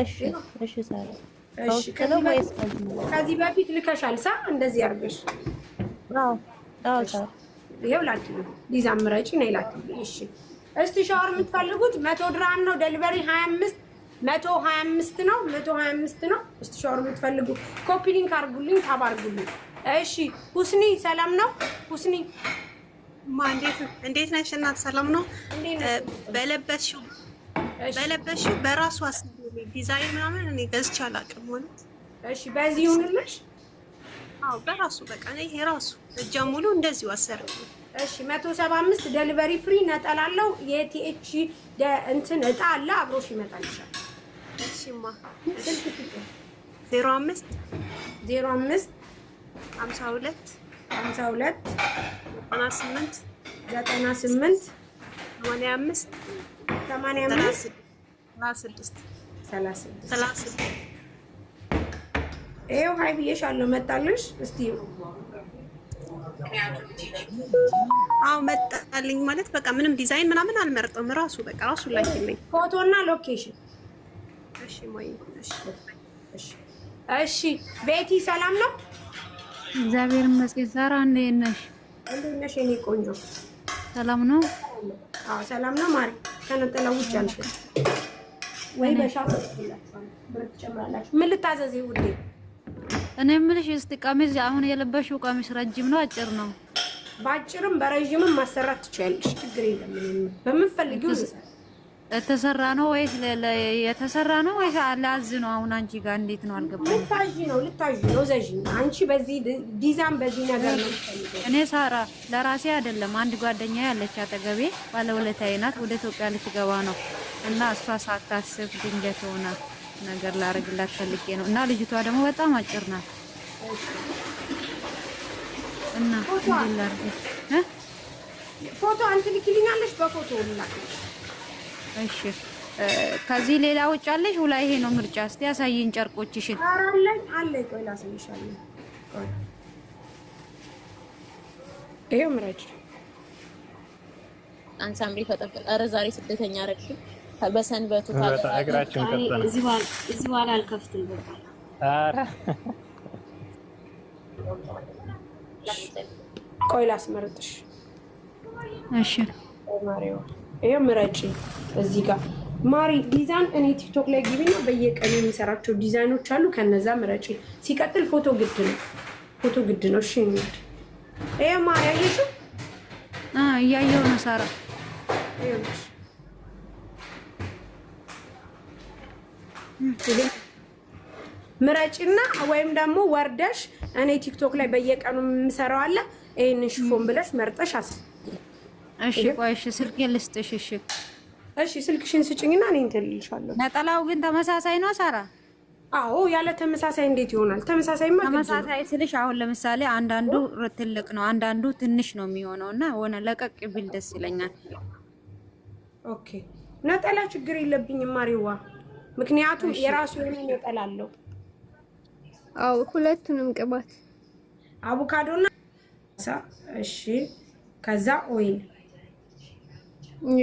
እሺ እሺ ሳሪ እሺ ከዚህ ወይስ ከዚህ በፊት ልከሻል ሳ እንደዚህ አድርገሽ አዎ አዎ ሳሪ ይሄው ላኪ ዲዛ ምረጪ ነው ላኪ እሺ እስቲ ሻወር የምትፈልጉት መቶ ድራም ነው ደሊቨሪ 25 መቶ 25 ነው መቶ 25 ነው እስቲ ሻወር የምትፈልጉ ኮፒ ሊንክ አርጉልኝ ታብ አድርጉልኝ እሺ ሁስኒ ሰላም ነው ሁስኒ እንዴት ነሽ እናት ሰላም ነው በለበሽው በለበሽው በራሱ አስ ዲዛይን ምናምን እኔ ገዝቼ አላውቅም። ማለት እሺ፣ በዚህ ይሁንልሽ። አዎ፣ በራሱ በቃ ነው ይሄ ራሱ እጃ ሙሉ እንደዚህ ዋሰር። እሺ፣ 175 ደሊቨሪ ፍሪ ነጠላለው። የቲኤች እንትን እጣ አለ አብሮሽ ይመጣልሻል። እሺማ፣ ስልክ ቁጥር 05 05 52 52 98 98 85 86 ይሄው ሀይ ብዬሻለሁ። መጣልሽ እስቲ አዎ መጣልኝ ማለት በቃ ምንም ዲዛይን ምናምን አልመርጥም። ራሱ በቃ ራሱ ላይ ይለኝ ፎቶ እና ሎኬሽን። እሺ ማይ እሺ ቤቲ ሰላም ነው? እግዚአብሔር ይመስገን። ሳራ እንዴት ነሽ? እንዴት ነሽ የኔ ቆንጆ? ሰላም ነው? አዎ ሰላም ነው። ማሪ ከነጠላ ውጭ አልሽ ወይ ትጨምራላችሁ። ምን ልታዘዝ ውዴ? እኔ የምልሽ እስቲ ቀሚስ አሁን የለበሽው ቀሚስ ረጅም ነው አጭር ነው? በአጭርም በረዥምም ማሰራት ትችያለሽ። ችግር የለም። በምንፈልጊው የተሰራ ነው ወይስ የተሰራ ነው ወይስ ነው? አሁን አንቺ ጋር እንዴት ነው አልገባኝም። ልታዥ ነው ልታዥ ነው ዘዥ አንቺ በዚህ ዲዛይን በዚህ ነገር ነው። እኔ ሳራ ለራሴ አይደለም አንድ ጓደኛ ያለች አጠገቤ ባለውለታዬ ናት። ወደ ኢትዮጵያ ልትገባ ነው እና እሷ ሳታስብ ድንገት የሆነ ነገር ላደርግላት ፈልጌ ነው እና ልጅቷ ደግሞ በጣም አጭር ናት እና እንዴት ላድርግ ፎቶ አንቺ ልክልኛለሽ? በፎቶ ላ እሺ ከዚህ ሌላ ውጭ አለሽ? ሁላ ይሄ ነው ምርጫ። እስቲ ያሳይን ጨርቆችሽን። ኧረ አለኝ አለኝ። ቆይ ላሳይሻለሁ። ቆይ ይሄው ምረጭ አንሳምሪ ፈጠፈጠ። ኧረ ዛሬ ስደተኛ አደረግሽኝ። በሰንበቱ እግራችን እዚህ በኋላ አልከፍትም። ቆይ ላስመርጥሽ። እሺ ምረጪ። እዚህ ጋር ማሪ ዲዛይን እኔ ቲክቶክ ላይ ግቢና በየቀኑ የሚሰራቸው ዲዛይኖች አሉ። ከነዛ ምረጪ። ሲቀጥል ፎቶ ግድ ነው፣ ፎቶ ግድ ነው። እሺ ማሪ አየሽው? እያየሁ ነው ሳራ ምረጭና ወይም ደግሞ ወርደሽ እኔ ቲክቶክ ላይ በየቀኑ የምሰራው አለ ይሄንን ሽፎን ብለሽ መርጠሽ አስ እሺ፣ ቆይ እሺ፣ ስልኬን ልስጥሽ። እሺ፣ እሺ፣ ስልክሽን ስጭኝና እኔ እንትን ልልሻለሁ። ነጠላው ግን ተመሳሳይ ነው ሳራ? አዎ፣ ያለ ተመሳሳይ እንዴት ይሆናል? ተመሳሳይማ ተመሳሳይ ስልሽ አሁን ለምሳሌ አንዳንዱ ትልቅ ነው፣ አንዳንዱ ትንሽ ነው የሚሆነው እና ሆነ ለቀቅ ቢል ደስ ይለኛል። ኦኬ፣ ነጠላ ችግር የለብኝም ማሪዋ ምክንያቱም የራሱ የሆነ ነጠላ አለው። አዎ ሁለቱንም ቅባት አቮካዶና እሺ፣ ከዛ ኦይል